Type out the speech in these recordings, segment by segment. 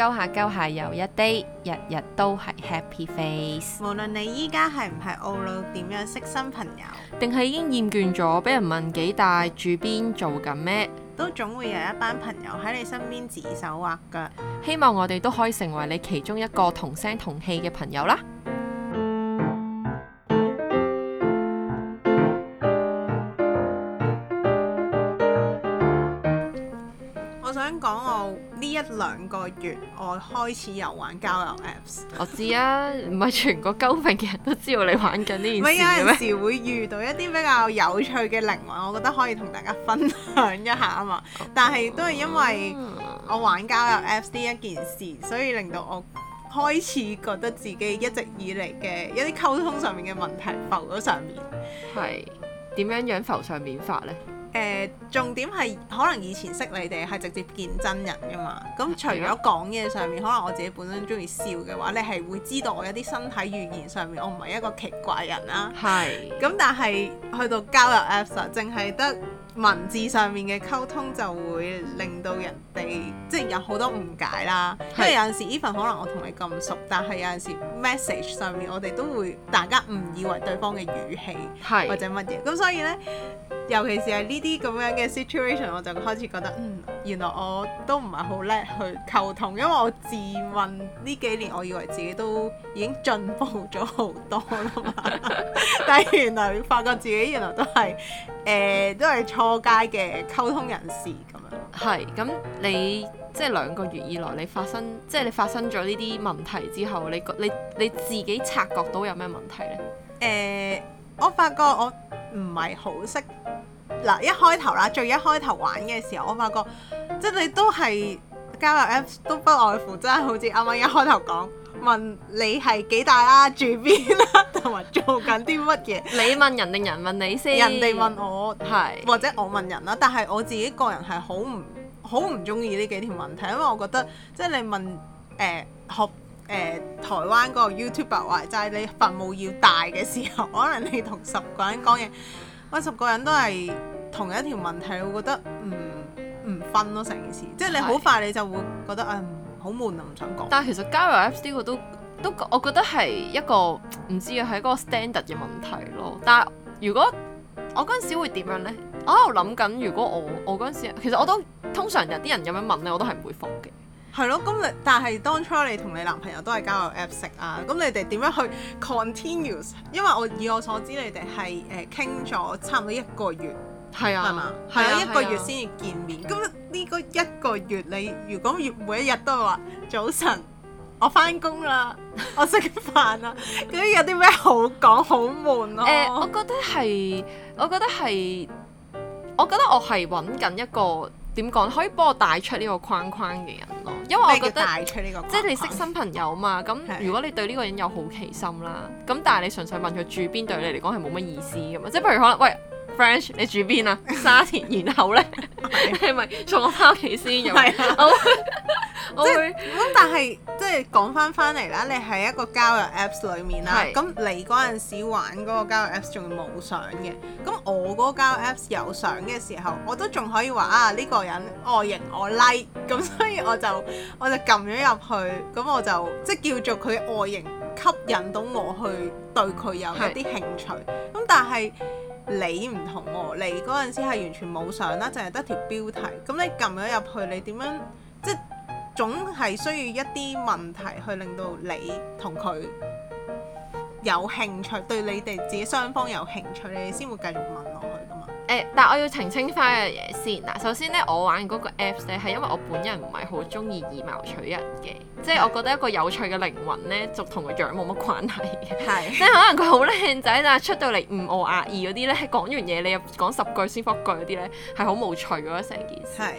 溝下溝下又一 day，日日都係 happy face。無論你依家係唔係懊惱，點樣識新朋友，定係已經厭倦咗俾人問幾大、住邊、做緊咩，都總會有一班朋友喺你身邊指手畫腳。希望我哋都可以成為你其中一個同聲同氣嘅朋友啦。一兩個月，我開始有玩交友 Apps。我知啊，唔係 全國鳩粉嘅人都知道你玩緊呢件事嘅咩？有陣時會遇到一啲比較有趣嘅靈魂，我覺得可以同大家分享一下啊嘛。確實 但係都係因為我玩交友 Apps 呢一件事，所以令到我開始覺得自己一直以嚟嘅一啲溝通上面嘅問題浮咗上面。係點樣樣浮上面法呢？誒、呃、重點係可能以前識你哋係直接見真人㗎嘛，咁除咗講嘢上面，的可能我自己本身鍾意笑嘅話，你係會知道我有啲身體語言上面，我唔係一個奇怪人啦。係的。咁但係去到交友 Apps 啊，淨係得，文字上面嘅溝通就會令到人哋即係有好多誤解啦。是因為有陣時 even 可能我同你咁熟，但係有陣時 message 上面我哋都會大家唔以為對方嘅語氣或者乜嘢。咁是所以呢，尤其是係呢啲咁樣嘅 situation，我就開始覺得，嗯，原來我都唔係好叻去溝通，因為我自問呢幾年，我以為自己都已經進步咗好多啦嘛。 但係原來發覺自己原來都係。誒、呃，都係初階嘅溝通人士咁樣。係，咁你即係兩個月以來，你發生即係你發生咗呢啲問題之後，你覺你你自己察覺到有咩問題呢？誒、呃，我發覺我唔係好識，嗱、呃，一開頭啦，最一開頭玩嘅時候，我發覺即係你都係加入 Apps，都不外乎真係好似啱啱一開頭講。問你係幾大啊？住邊啊？同埋做緊啲乜嘢？ 你問人定人問你先？人哋問我係，是或者我問人啦。但係我自己個人係好唔好唔中意呢幾條問題，因為我覺得即係你問誒、呃、學誒、呃、台灣個 YouTuber 話齋，就係你羣務要大嘅時候，可能你同十個人講嘢，哇十個人都係同一條問題，會覺得唔唔分咯成件事，是即係你好快你就會覺得嗯。好悶啊，唔想講。但係其實交友 Apps 呢個都都，我覺得係一個唔知啊，係一個 standard 嘅問題咯。但係如果我嗰陣時會點樣咧？我喺度諗緊，如果我我嗰陣時，其實我都通常有啲人咁樣問咧，我都係唔會講嘅。係咯，咁你但係當初你同你男朋友都係交友 Apps 啊？咁你哋點樣去 continues？因為我以我所知，你哋係誒傾咗差唔多一個月。係啊，係啊，啊一個月先要見面。咁呢、啊啊、個一個月，你如果月每一日都話早晨，我翻工啦， 我食飯啦，咁有啲咩好講好悶咯、啊？誒、呃，我覺得係，我覺得係，我覺得我係揾緊一個點講，可以幫我帶出呢個框框嘅人咯。因為我覺得帶出呢個框框，即係你識新朋友嘛。咁如果你對呢個人有好奇心啦，咁的但係你純粹問佢住邊，對你嚟講係冇乜意思嘅嘛。即係譬如可能，喂。French，你住邊啊？沙田，然後咧，係咪送我翻屋企先？係啊，即係咁，但係即係講翻翻嚟啦，你喺一個交友 Apps 裏面啦，咁是你嗰陣時玩嗰個交友 Apps 仲冇相嘅，咁我嗰個交友 Apps 有相嘅時候，我都仲可以話啊呢個人外形我 like，咁所以我就我就撳咗入去，咁我就即係叫做佢外形吸引到我去對佢有一啲興趣，咁是但係。你唔同喎，你陣時係完全冇相啦，淨係得條標題，咁你撳咗入去，你點樣即係總係需要一啲問題去令到你同佢有興趣，對你哋自己雙方有興趣，你先會繼續問落去。誒、欸，但係我要澄清翻嘅嘢先嗱，首先咧，我玩嗰個 Apps 咧係因為我本人唔係好中意以貌取人嘅，即係我覺得一個有趣嘅靈魂咧，就同個樣冇乜關係嘅。係，是的 即係可能佢好靚仔，但係出到嚟唔傲牙二嗰啲咧，講完嘢你又講十句先覆句嗰啲咧，係好無趣㗎成件事。是的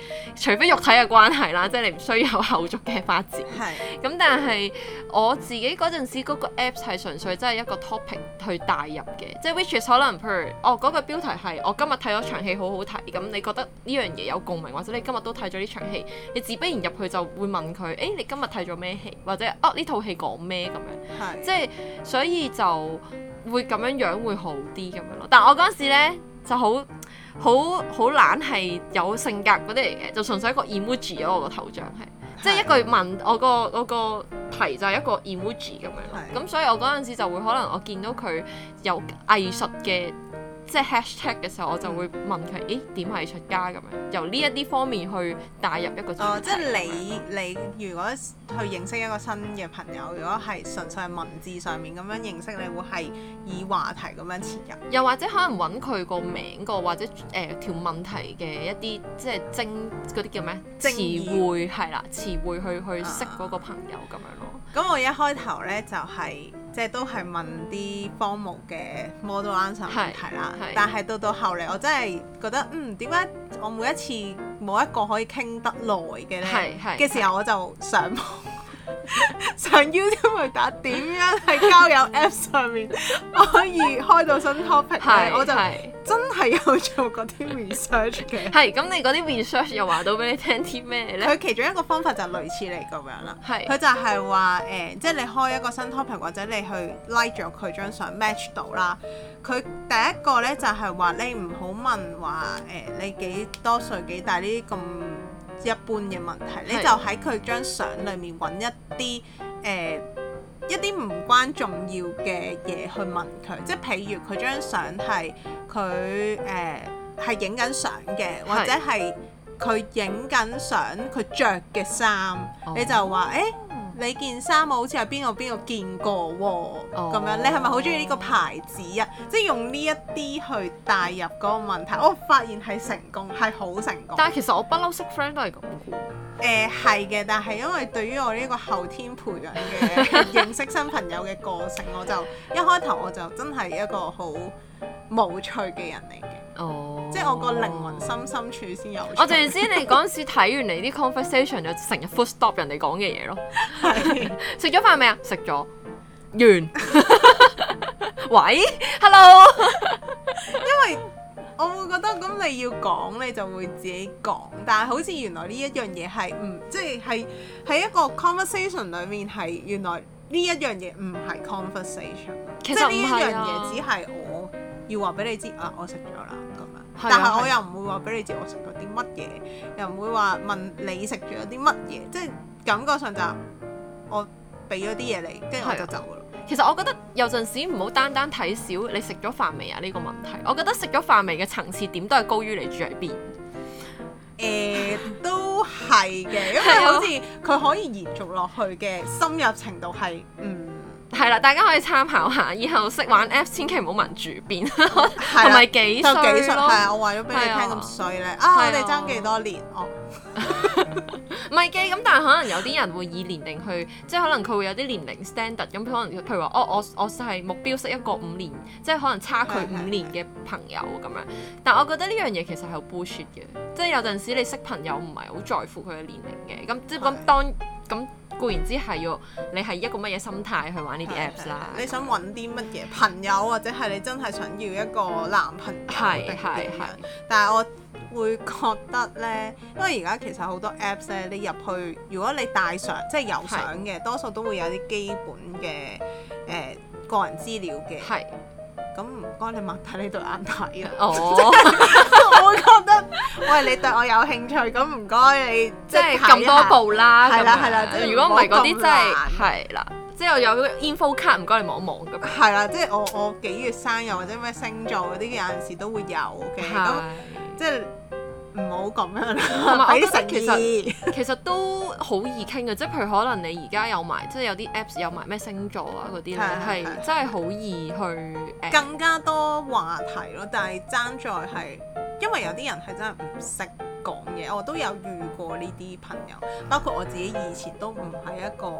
除非肉體嘅關係啦，即係你唔需要有後續嘅發展。係，咁但係我自己嗰陣時嗰個 Apps 係純粹真係一個 topic 去帶入嘅，即係 which is 可能譬如，哦，我嗰個標題係我今日，睇咗場戲好好睇，咁你覺得呢樣嘢有共鳴，或者你今日都睇咗呢場戲，你自不然入去就會問佢，誒、欸、你今日睇咗咩戲，或者啊呢、哦、套戲講咩咁樣，是即係所以就會咁樣樣會好啲咁樣咯。但我嗰陣時呢就好好好懶係有性格嗰啲嚟嘅，就純粹一個 emoji 咗我個頭像係，即係一句問是我個嗰個題就係一個 emoji 咁樣咯。咁是所以我嗰陣時就會可能我見到佢有藝術嘅。即係 hashtag 嘅時候，我就會問佢：咦，點係出家咁樣？由呢一啲方面去帶入一個主題，哦、即係你樣你如果去認識一個新嘅朋友，如果係純粹係文字上面咁樣認識，你會係以話題咁樣切入。又或者可能揾佢個名個，或者誒、呃、條問題嘅一啲即係精嗰啲叫咩詞義匯係啦，詞彙去去識嗰個朋友咁、啊、樣咯。咁我一開頭呢，就係、是。即係都係問啲荒蕪嘅 model answer 問題啦，但係到到後嚟，我真係覺得，嗯，點解我每一次冇一個可以傾得耐嘅咧，嘅時候，我就上網。 上 YouTube 咪打點樣喺交友 App 上面可以開到新 topic？係， 是我就真係有做過啲 research 嘅。係， 咁你嗰啲 research 又話到俾你聽啲咩咧？佢其中一個方法就類似你咁樣啦。係 是，佢就係話誒，即、呃、係、就是、你開一個新 topic 或者你去 like 咗佢張相 match 到啦。佢第一個咧就係、是、話你唔好問話誒、呃，你幾多歲幾大呢啲咁。一般嘅問題，你就喺佢張相裏面揾一啲誒、呃、一啲唔關重要嘅嘢去問佢，即係譬如佢張相係佢誒係影緊相嘅，或者係佢影緊相佢着嘅衫，是你就話誒。欸你件衫好似係邊個邊個見過喎、哦？咁、oh. 樣你係咪好鍾意呢個牌子啊？即係用呢一啲去帶入嗰個問題，我發現係成功，係好成功。但係其實我不嬲識 friend 都係咁嘅。係嘅、呃，但係因為對於我呢個後天培養嘅 認識新朋友嘅個性，我就一開頭我就真係一個好無趣嘅人嚟嘅。Oh. 嗯、我個靈魂深深處先有。我淨係知，你嗰陣時睇完你啲 conversation，就成日 footstop 人哋講嘅嘢咯。係食咗飯未啊？食咗完。 喂，hello。 因為我會覺得，咁你要講，你就會自己講。但係好似原來呢一樣嘢係唔，即係係喺一個 conversation 裏面係原來呢一樣嘢唔係 conversation。其實呢樣嘢只係我要話俾你知啊，我食咗啦。但係我又唔會話俾你知我食咗啲乜嘢，的又唔會話問你食咗啲乜嘢，的即係感覺上就我俾咗啲嘢你，跟住的我就走。其實我覺得有陣時唔好單單睇少你食咗飯未啊呢個問題，我覺得食咗飯未嘅層次點都係高於你住喺邊。誒、呃，都係嘅， 的因為好似佢可以延續落去嘅深入程度係唔。係啦，大家可以參考下，以後識玩 Apps 千祈唔好問住邊，同埋了 幾歲？就幾歲咯。係啊，我話咗俾你聽咁衰咧。啊，了我哋爭幾多年？哦，唔係幾咁，但係可能有啲人會以年齡去， 即係可能佢會有啲年齡 standard 咁，可能譬如話，我我我係目標識一個五年，即係可能差佢五年嘅朋友咁樣。對對對，但我覺得呢樣嘢其實係好 bullshit 嘅，即係有陣時你識朋友唔係好在乎佢嘅年齡嘅。咁即係咁當咁。對固然之係要你係一個乜嘢心態去玩呢啲 apps 啦，啊、你想揾啲乜嘢朋友，或者係你真係想要一個男朋友嘅人。但係我會覺得呢，因為而家其實好多 apps 咧，你入去如果你帶上即係有相嘅，的多數都會有啲基本嘅誒、呃、個人資料嘅。係的。咁唔該，你擘睇呢對眼睇啊！Oh. 我覺得，喂，你對我有興趣，咁唔該你，即係是行咁多步啦。係啦係啦，即如果唔係嗰啲真係係啦，即係有 info 卡，唔該你望一望咁。係啦，即係我我幾月生日或者咩星座嗰啲，有陣時都會有嘅，都的即係。唔好咁樣啦，同埋我覺得，其實其實都好易傾嘅，即係譬如可能你而家有埋，即係有啲 Apps 有埋咩星座啊嗰啲咧，係真係好易去更加多話題咯。但係爭在係，因為有啲人係真係唔識。講嘢，我都有遇過呢啲朋友，包括我自己以前都唔係一個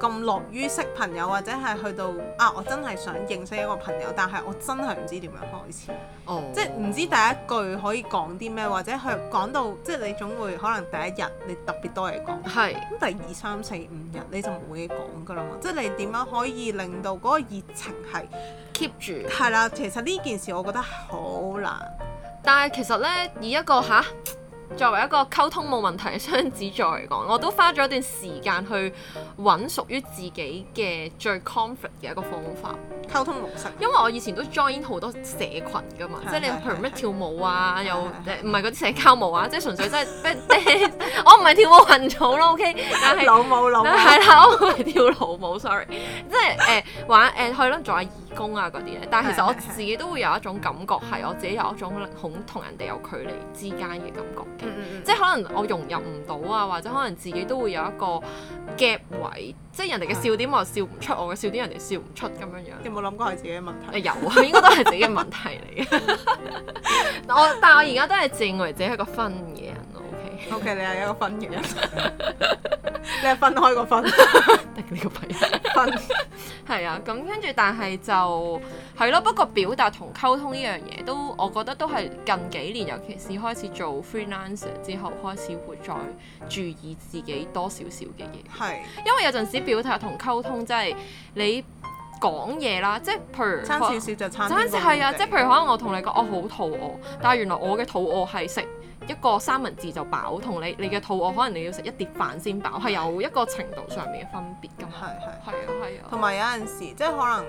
咁樂於識朋友，或者係去到啊，我真係想認識一個朋友，但係我真係唔知點樣開始，哦、即係唔知第一句可以講啲咩，或者去講到即係你總會可能第一日你特別多嘢講，咁係第二三四五日你就冇嘢講㗎啦嘛，即係你點樣可以令到嗰個熱情係 keep 住？係啦，其實呢件事我覺得好難，但係其實呢，以一個嚇。作為一個溝通冇問題嘅雙子座嚟講，我都花咗一段時間去揾屬於自己嘅最 comfort 嘅一個方法溝通模式。因為我以前都 join 好多社群㗎嘛，即係你譬如咩跳舞啊，又唔係嗰啲社交舞啊，即係純粹即係我唔係跳舞羣組咯，OK？但係老舞老係啦，我唔係跳老舞，sorry，即係誒玩誒去咯，做下。工啊嗰啲咧，但係其實我自己都會有一種感覺係我自己有一種好同人哋有距離之間嘅感覺嘅，嗯嗯，即係可能我融入唔到啊，或者可能自己都會有一個 gap 位，即係人哋嘅笑點我笑唔出，的我嘅笑點人哋笑唔出咁樣樣。你有冇諗過係自己嘅問題？ 有啊，應該都係自己嘅問題嚟嘅。 我但係我而家都係認為自己係個分嘅人，OK？OK，你係一個分嘅人。Okay? Okay, 你係分開個分，得個屁！分係啊，咁跟住，但係就係咯。不過表達同溝通呢樣嘢，都我覺得都係近幾年，尤其是開始做 freelancer 之後，開始會再注意自己多少少嘅嘢。係是，因為有陣時表達同溝通，真係你。講嘢啦，即係譬如，餐少少就餐，係 啊，即係譬如可能我同你講，我好肚餓，但係原來我嘅肚餓係食一個三文治就飽，同你你嘅肚餓可能你要食一碟飯先飽，係有一個程度上面嘅分別㗎嘛。係係係啊係啊，同埋、啊啊、有陣時即係可能，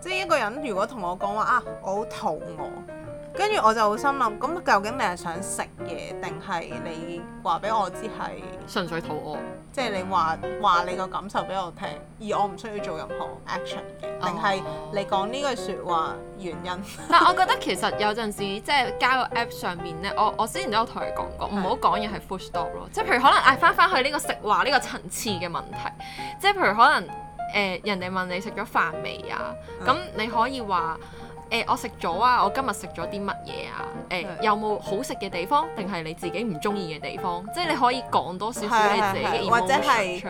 即係一個人如果同我講話啊，我好肚餓。跟住我就好心諗，咁究竟你係想食嘢，定係你話俾我知係純粹肚餓？即係、嗯、你話話你個感受俾我聽，而我唔需要做任何 action 嘅，定係、哦、你講呢句説話原因？哦、 但我覺得其實有陣時即係加個 app 上面咧，我我之前都有同佢講過，唔好講嘢係 full stop 咯。即係譬如可能嗌翻翻去呢個食話呢個層次嘅問題，即係譬如可能誒、呃、人哋問你食咗飯未啊，咁、嗯、你可以話。誒、欸、我食咗啊！我今日食咗啲乜嘢啊？誒、欸、有冇好食嘅地方，定係你自己唔中意嘅地方？即係你可以講多少少你自己嘅嘢，或者係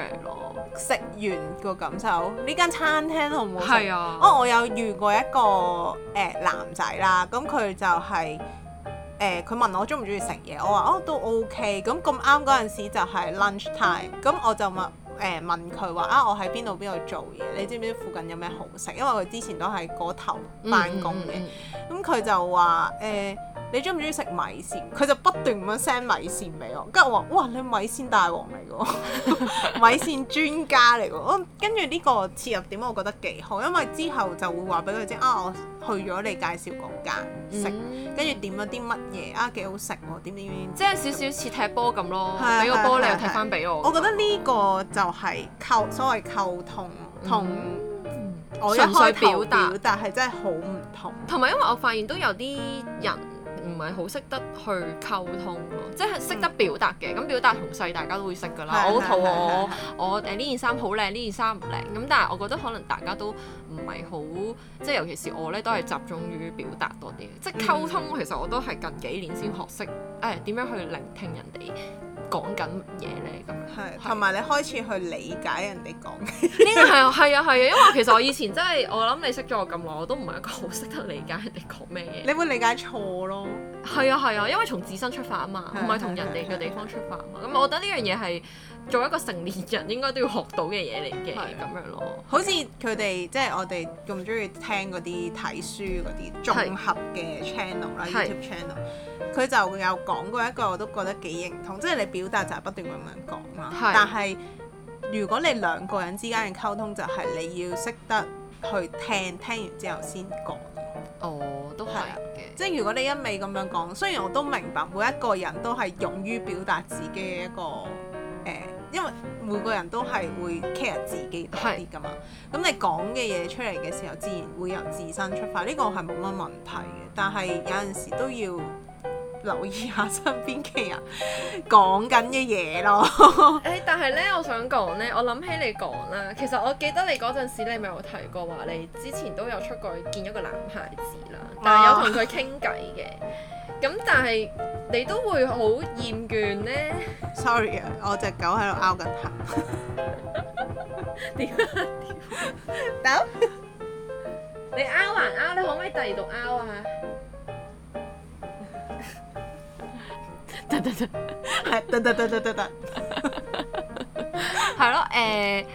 食完個感受。呢間餐廳好唔好食啊？哦，我有遇過一個誒、呃、男仔啦，咁佢就係誒佢問我中唔中意食嘢，我話哦都 OK。咁咁啱嗰陣時就係 lunch time，咁我就問。誒問佢話啊，我喺邊度邊度做嘢？你知唔知附近有咩好食？因為佢之前都喺嗰頭返工嘅、嗯。嗯嗯。咁佢就話誒、欸，你中唔中意食米線？佢就不斷咁樣 send 米線俾我，跟住我話哇，你米線大王嚟㗎， 米線專家嚟㗎，跟住呢個切入點我覺得幾好，因為之後就會話俾佢知啊，我去咗你介紹嗰間食，跟住、嗯、點咗啲乜嘢啊幾好食喎，點點點、點，即係少少似踢波咁咯，俾個波你又踢翻俾我。我覺得呢個就係溝、嗯、所謂溝通同。同嗯我想表達，表達係真係好唔同，同埋因為我發現都有啲人唔係好識得去溝通咯，即係識得表達嘅。咁、嗯、表達同細大家都會識㗎喇。我同我我誒，呢件衫好靚，呢件衫唔靚咁，但係我覺得可能大家都唔係好即係，尤其是我咧都係集中於表達多啲、嗯、即係溝通，其實我都係近幾年先學識誒點樣去聆聽人哋。講緊乜嘢咧咁樣？係，同埋你開始去理解人哋講嘅呢個，係啊係啊係啊，因為其實我以前真係，我諗你識咗我咁耐，我都唔係一個好識得理解人哋講咩嘢。你會理解錯咯，係啊係啊，因為從自身出發啊嘛，唔係同人哋嘅地方出發啊嘛。咁我覺得呢樣嘢係。做一個成年人應該都要學到嘅嘢嚟嘅咁樣咯，的好似佢哋即係我哋咁中意聽嗰啲睇書嗰啲綜合嘅 channel 啦，YouTube channel，佢就有講過一個我都覺得幾認同，即係你表達就係不斷咁樣講啦，的但係如果你兩個人之間嘅溝通就係你要識得去聽，聽完之後先講。哦，都係嘅。即係如果你一味咁樣講，雖然我都明白每一個人都係勇於表達自己嘅一個誒。呃因為每個人都係會 care 自己多啲噶嘛，咁你講嘅嘢出嚟嘅時候，自然會由自身出發，呢個係冇乜問題嘅。但係有陣時都要。留意下身邊嘅人講緊嘅嘢咯。誒，但係呢，我想講呢，我諗起你講啦。其實我記得你嗰陣時，你咪有提過話，你之前都有出過見一個男孩子啦，但係有同佢傾偈嘅。咁哇但係你都會好厭倦呢。Sorry，啊，我隻狗喺度拗緊藤。點啊？走你拗還拗？你可唔可以第二度拗啊？得得得，係得得得得得得，係咯，誒、呃，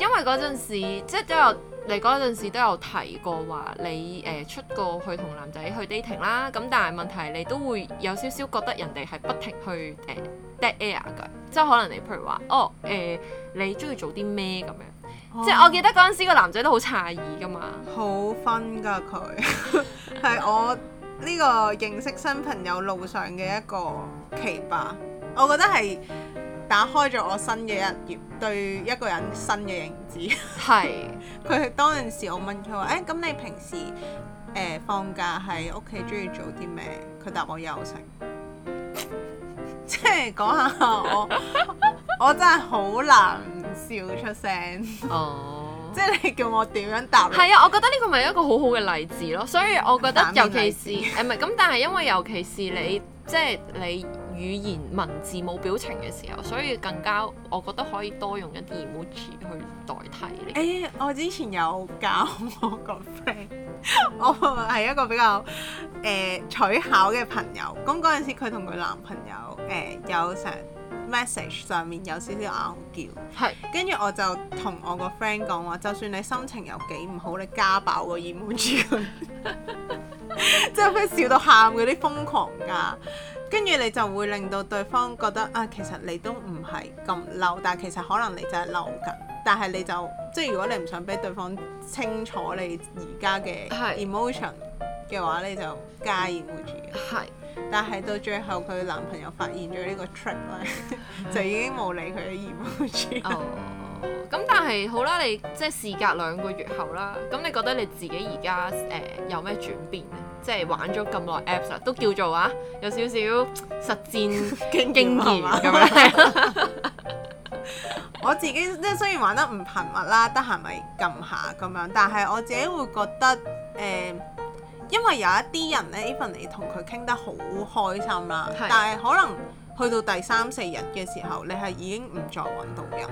因為嗰陣時，即係都有你嗰陣時都有提過話，你、呃、誒出過去同男仔去 dating 啦，咁但係問題你都會有少少覺得人哋係不停去誒 dead air 噶，即係可能你譬如話，哦誒、呃，你中意做啲咩咁樣，哦、即係我記得嗰陣時嗰個男仔都異好詫異噶嘛，好分噶佢，係我。呢個認識新朋友路上嘅一個奇葩，我覺得係打開咗我新嘅一頁，對一個人新嘅認知。係是，佢 當陣時我問佢話：誒、欸，咁你平時誒、呃、放假喺屋企中意做啲咩？佢答我休息，即係講下我，我真係好難笑出聲。Oh. 即係你叫我點樣答你？係 啊，我覺得呢個咪一個好好嘅例子咯，所以我覺得尤其是誒唔係咁，但係因為尤其是你即係、就是、你語言文字冇表情嘅時候，所以更加我覺得可以多用一啲 emoji 去代替你。誒、哎，我之前有教我個 friend， 我係一個比較誒、呃、取巧嘅朋友，咁嗰陣時佢同佢男朋友誒、呃、有成，message 上面有少少拗叫，係是，跟住我就同我個 friend 講話，就算你心情有幾唔好，你加爆個 emotion，即係佢笑到喊嗰啲瘋狂噶，跟住你就會令到對方覺得啊，其實你都唔係咁嬲，但係其實可能你就係嬲緊，但係你就即係如果你唔想俾對方清楚你而家嘅 emotion 嘅話，你就加 emotion 但係到最後，佢男朋友發現咗呢個 trick 咧，就已經冇理佢嘅 emoji 哦，咁但係好啦，你即係事隔兩個月後啦，咁你覺得你自己而家誒有咩轉變咧？即係玩咗咁耐 Apps 都叫做啊有少少實戰經驗啊咁樣。我自己即係雖然玩得唔頻密啦，得閒咪撳下咁樣，但係我自己會覺得誒。嗯因為有一啲人呢 even 你同佢傾得好開心啦，是但係可能去到第三四日嘅時候，你係已經唔再揾到人，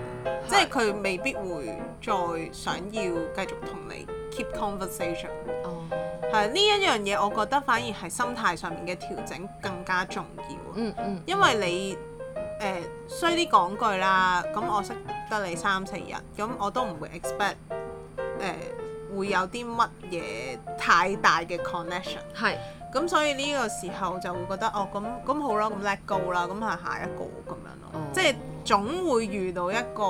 是即係佢未必會再想要繼續同你 keep conversation、哦。係呢一樣嘢，我覺得反而係心態上面嘅調整更加重要。嗯嗯，嗯因為你誒衰啲講句啦，咁我識得你三四日，咁我都唔會 expect、呃會有啲乜嘢太大嘅 connection 係是，咁所以呢個時候就會覺得哦，咁咁好啦，咁 let go 啦，咁係下一個咁樣咯，哦、即係總會遇到一個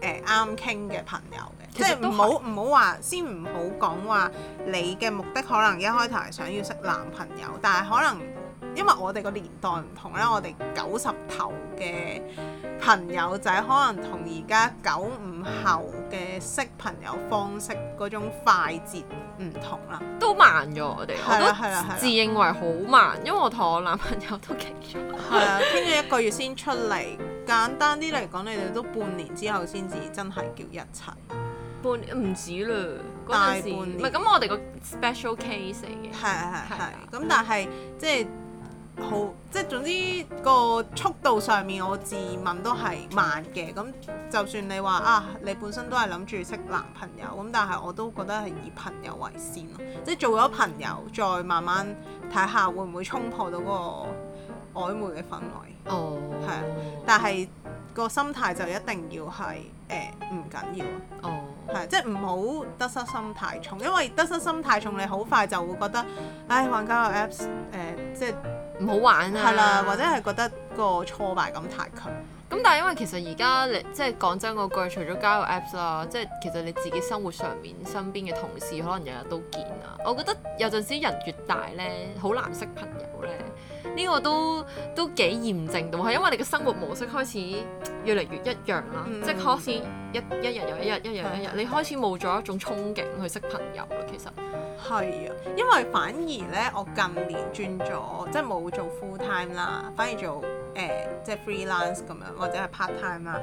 誒啱傾嘅朋友嘅，即係唔好唔好話先唔好講話你嘅目的可能一開頭係想要識男朋友，但係可能。因為我哋個年代唔同啦，我哋九十頭嘅朋友仔可能同而家九五後嘅識朋友方式嗰種快捷唔同啦，都慢咗我哋， 我都自認為好慢，因為我同我男朋友都傾咗。係 啊，傾咗一個月先出嚟，簡單啲嚟講，你哋都半年之後先至真係叫一齊，半年唔止嘞，大半年，唔係咁我哋個 special case 嚟嘅，係係係，咁但係、嗯、即係。好即係總之個速度上面，我自問都係慢嘅。咁就算你話啊，你本身都係諗住識男朋友咁，但係我都覺得係以朋友為先咯。即係做咗朋友，再慢慢睇下會唔會衝破到嗰個曖昧嘅氛圍。哦，係啊，但係個心態就一定要係誒，唔緊要啊。哦、oh，係即係唔好得失心太重，因為得失心太重，你好快就會覺得唉，揾交友 Apps 誒、呃、即係。唔好玩啊，係啦，或者係覺得嗰個挫敗感太強。咁但係因為其實而家你即係講真嗰句，除咗交友 Apps 啦，即係其實你自己生活上面身邊嘅同事可能日日都見啊。我覺得有陣時人越大呢，好難識朋友呢。呢個都都幾驗證到，係因為你嘅生活模式開始越嚟越一樣啦，嗯、即係開始一一日又一日，一日又一日，嗯、你開始冇咗一種憧憬去識朋友啦。其實係啊，因為反而呢，我近年轉咗，即係冇做 full time 啦，反而做誒即、呃、係、就是、freelance 咁樣，或者係 part time 啦，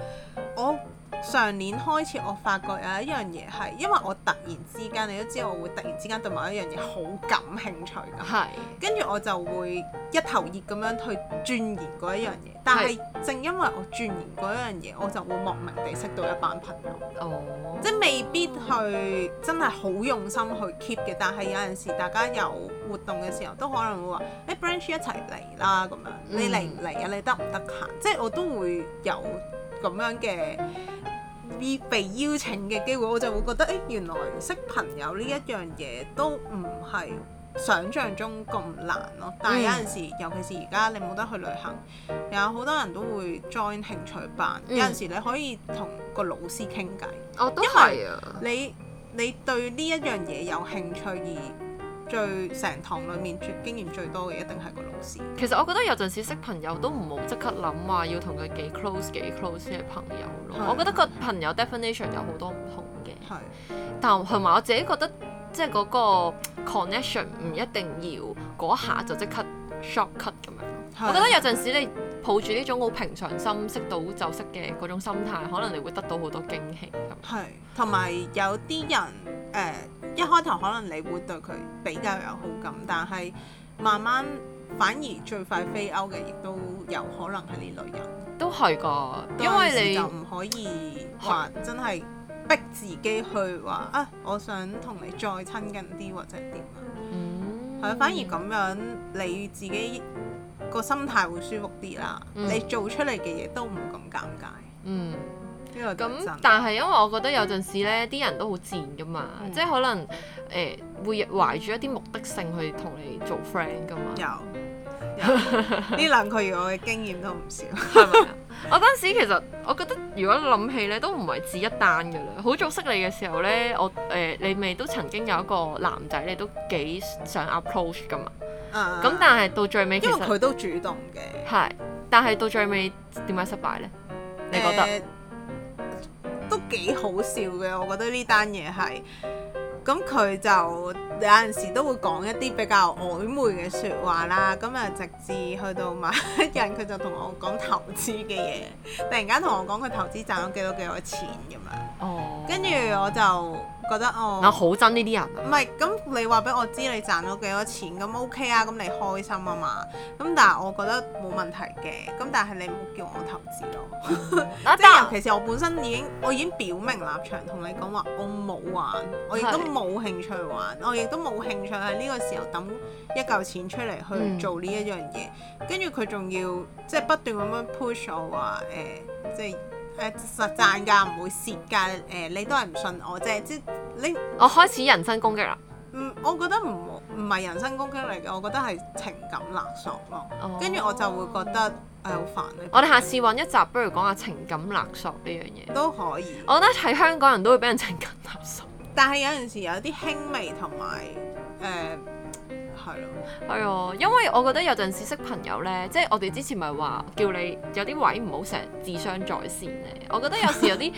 我。上年開始，我發覺有一樣嘢係，因為我突然之間，你都知我會突然之間對某一樣嘢好感興趣㗎。係的。跟住我就會一頭熱咁樣去鑽研嗰一樣嘢，但係正因為我鑽研嗰一樣嘢，的我就會莫名地識到一班朋友。哦。即未必去、嗯、真係好用心去 keep 嘅，但係有陣時大家有活動嘅時候，都可能會話，誒、hey, branch 一齊嚟啦咁樣，嗯、你嚟唔嚟啊？你得唔得閒？即係我都會有咁樣嘅。被邀請嘅機會，我就會覺得，誒、欸，原來識朋友呢一樣嘢都唔係想像中咁難咯。但係有陣時，嗯、尤其是而家你冇得去旅行，有好多人都會 join 興趣班。有陣時你可以同個老師傾偈，嗯、因為你你對呢一樣嘢有興趣而。最成堂裏面最經驗最多嘅一定係個老師。其實我覺得有陣時識朋友都唔好即刻諗話要同佢幾 close 幾 close 嘅朋友咯。係係係我覺得個朋友 definition 有好多唔同嘅。係係但同埋我自己覺得，即係嗰個 connection 唔一定要嗰下就即刻 shortcut 咁樣。係係我覺得有陣時你。抱住呢種好平常心，識到就識嘅嗰種心態，可能你會得到好多驚喜咁。係，同埋有啲人誒、呃，一開頭可能你會對佢比較有好感，但係慢慢反而最快 fade out 嘅，亦都有可能係呢類人。都係噶，當時 因為你就唔可以話真係逼自己去話是啊，我想同你再親近啲或者點啊。嗯，係啊，反而咁樣你自己。個心態會舒服啲啦，嗯、你做出嚟嘅嘢都唔會咁尷尬。嗯，呢個咁、嗯，但係因為我覺得有陣時咧，啲、嗯、人都好賤噶嘛，嗯、即係可能誒、呃、會懷住一啲目的性去同你做 friend 噶嘛。有呢 兩個月我嘅經驗都唔少。係 咪、啊？我當時其實我覺得，如果諗起咧，都唔係止一單噶啦。好早識你嘅時候咧，我誒、呃、你咪都曾經有一個男仔，你都幾想 approach 噶嘛。咁、嗯、但係到最尾，因為佢都主動嘅。係，但係到最尾點解失敗呢？你覺得、呃、都幾好笑嘅，我覺得呢單嘢係。咁佢就有陣時都會講一啲比較曖昧嘅説話啦。咁啊，直至去到某一日，佢就同我講投資嘅嘢，突然間同我講佢投資賺咗幾多幾多錢咁樣。哦，跟住我就。覺得哦，好憎呢啲人。唔係，咁你話俾我知你賺咗幾多錢，咁 OK 啊，咁你開心啊嘛。咁但係我覺得冇問題嘅，咁但係你唔好叫我投資咯。 即係尤其是我本身已經，我已經表明立場，同你講話，我冇玩，我亦都冇興趣玩，的我亦都冇興趣喺呢個時候抌一嚿錢出嚟去做呢一樣嘢。跟住佢仲要即係不斷咁樣 push 我話，誒、呃，即係。誒、呃、實賺㗎，唔會蝕㗎。誒、呃，你都係唔信我啫，即你我開始人身攻擊啦，嗯。我覺得唔唔係人身攻擊嚟嘅，我覺得係情感勒索咯。跟住、哦、我就會覺得係好、哎、煩。我哋下次揾一集，不如講下情感勒索呢樣嘢都可以。我覺得喺香港人都會俾人情感勒索，但係有陣時有啲輕微同埋誒。呃係咯，係啊對，因為我覺得有陣時識朋友咧，即係我哋之前咪話叫你有啲位唔好成日智商在線咧。我覺得有時有啲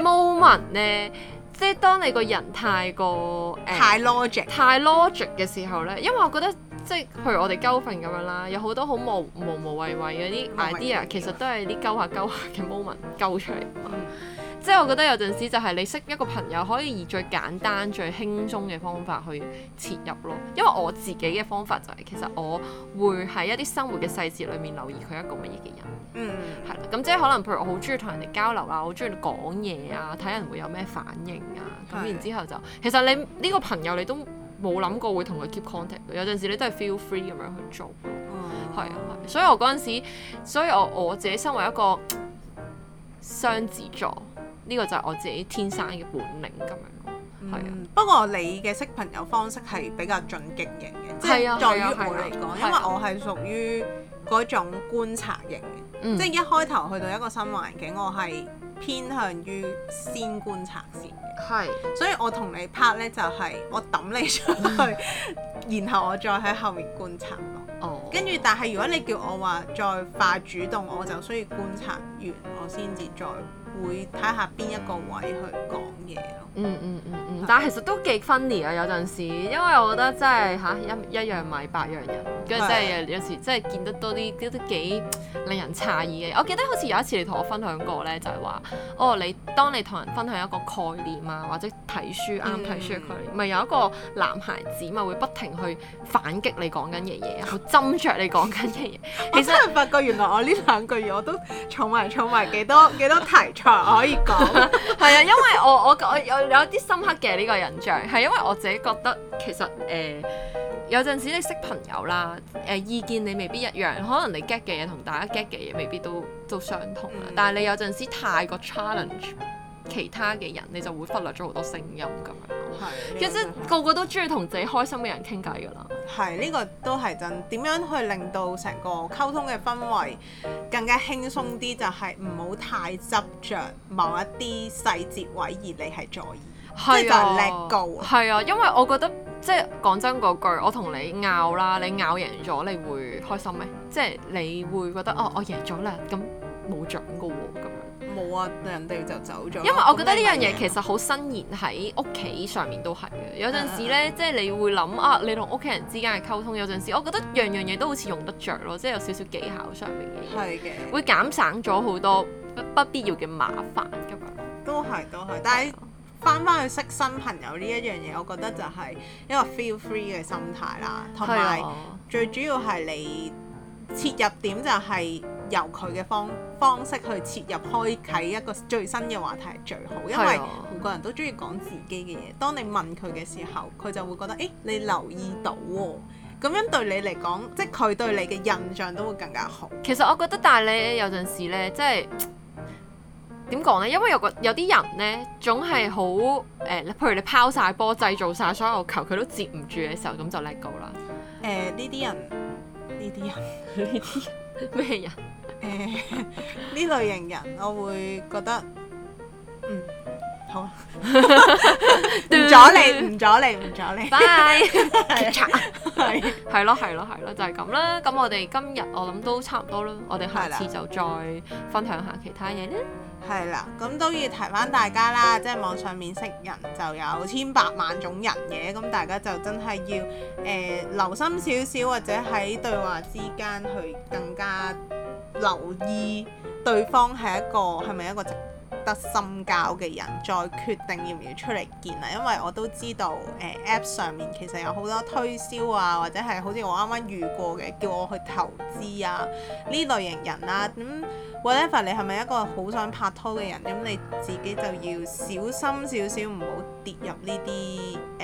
moment 咧， 即係當你個人太過、呃、太 logic、太 logic 嘅時候咧，因為我覺得即係譬如我哋勾份咁樣啦，有好多好無，無無謂謂無謂謂嗰啲 idea，其實都係啲勾下勾下嘅 moment 勾出嚟。嗯即係我覺得有陣時就係你識一個朋友，可以以最簡單、最輕鬆嘅方法去切入咯。因為我自己嘅方法就係其實我會喺一啲生活嘅細節裡面留意佢一個乜嘢嘅人，嗯。係啦。咁即係可能譬如我好中意同人哋交流啊，好中意講嘢啊，睇人會有咩反應啊。咁是然之後就其實你呢個朋友你都冇諗過會同佢 keep contact。有陣時你都係 feel free 咁樣去做咯。係啊、哦，所以我嗰陣時，所以我我自己身為一個雙子座。呢個就係我自己天生嘅本領咁樣咯，係、嗯、啊。不過你嘅識朋友方式係比較進擊型嘅，嗯、即係在於我嚟講、啊，啊、因為我係屬於嗰種觀察型嘅，嗯、即係一開頭去到一個新環境，我係偏向於先觀察先嘅。係是，所以我同你拍呢，就係、是、我抌你出去，嗯、然後我再喺後面觀察咯。跟住、哦、但係如果你叫我話再快主動，我就需要觀察完我先至再，再。會睇下邊一個位去講嘢咯。嗯嗯嗯嗯，但係其實都幾 funny 啊！有陣時，因為我覺得真係嚇一一樣米百樣人，跟住真係有時真係見得多啲都都幾令人詫異嘅。我記得好似有一次你同我分享過咧，就係話哦，你當你同人分享一個概念啊，或者睇書啱睇書嘅概念，咪有一個男孩子咪會不停去反擊你講緊嘅嘢，好斟酌你講緊嘅嘢。其實真係發覺原來我呢兩句嘢，我都儲埋儲埋幾多幾多題。可以講係啊，因為我我我，我有有啲深刻嘅呢、這個印象，係因為我自己覺得其實誒、呃、有陣時你識朋友啦，誒、呃、意見你未必一樣，可能你 get 嘅嘢同大家 get 嘅嘢未必都都相同啊，嗯、但係你有陣時太過 challenge。其他嘅人，你就會忽略咗好多聲音咁樣。係的，其實的個個都中意同自己開心嘅人傾偈㗎啦。係，呢、這個都係真。點樣去令到成個溝通嘅氛圍更加輕鬆啲？嗯、就係唔好太執着某一啲細節位而你係在意，的即係就係 let go。係啊，因為我覺得即係講真嗰句，我同你拗啦，你拗贏咗，你會開心咩？即係你會覺得哦，我贏咗啦咁。冇準噶喎，咁樣冇啊！人哋就走咗。因為我覺得呢樣嘢其實好新鮮喺屋企上面都係嘅，嗯、有陣時呢，即係你會諗啊，你同屋企人之間嘅溝通，有陣時我覺得樣樣嘢都好似用得着咯，即係有少少技巧上面嘅嘢，係嘅，會減省咗好多不,不必要嘅麻煩咁樣。都係都係，但係翻翻去識新朋友呢一樣嘢，我覺得就係一個 feel free 嘅心態啦，同埋最主要係你切入點就係。由佢嘅方方式去切入開啓一個最新嘅話題係最好，因為每個人都鍾意講自己嘅嘢。當你問佢嘅時候，佢就會覺得誒、欸、你留意到喎，咁樣對你嚟講，即係佢對你嘅印象都會更加好。其實我覺得，但係你有陣時呢，即係點講呢？因為有個有啲人呢，總係好誒，譬如你拋晒波，製造晒所有球，佢都接唔住嘅時候，咁就叻高啦。呢啲、呃、人，呢啲人，呢啲。咩人？誒，呢、 呃、類型人我會覺得，嗯，好啊，唔 阻你，唔阻你，唔阻你，拜，決策，係，係咯，係咯，係咯，就係、是、咁啦。咁我哋今日我諗都差唔多啦， 我哋下次就再分享下其他嘢咧。 係啦，咁都要提翻大家啦，即係網上面識人就有千百萬種人嘅。咁大家就真係要誒、呃、留心少少，或者喺對話之間去更加留意對方係一個係咪一個。值得深交嘅人再決定要唔要出嚟見啊，因為我都知道誒、呃、app 上面其實有好多推銷啊，或者係好似我啱啱遇過嘅，叫我去投資啊呢類型人啦，啊。咁、嗯、whatever 你係咪一個好想拍拖嘅人？咁、嗯、你自己就要小心少少，唔好跌入呢啲。呃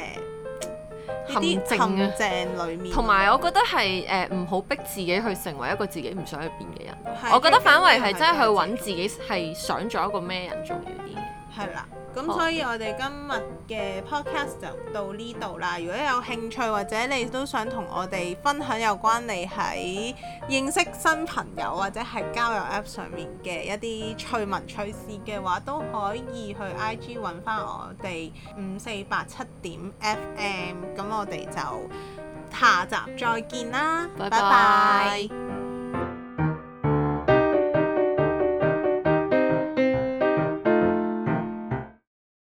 陷阱啊，正裏面，同埋我覺得係誒，唔好逼自己去成為一個自己唔想去變嘅人。的我覺得反為係真係去揾自己係想做一個咩人重要啲。係啦，咁所以我哋今日嘅 podcast 就到呢度啦。如果有興趣或者你都想同我哋分享有關你喺認識新朋友或者係交友 app 上面嘅一啲趣聞趣事嘅話，都可以去 IG 揾返我哋五四八七點 FM。咁我哋就下集再見啦，拜拜。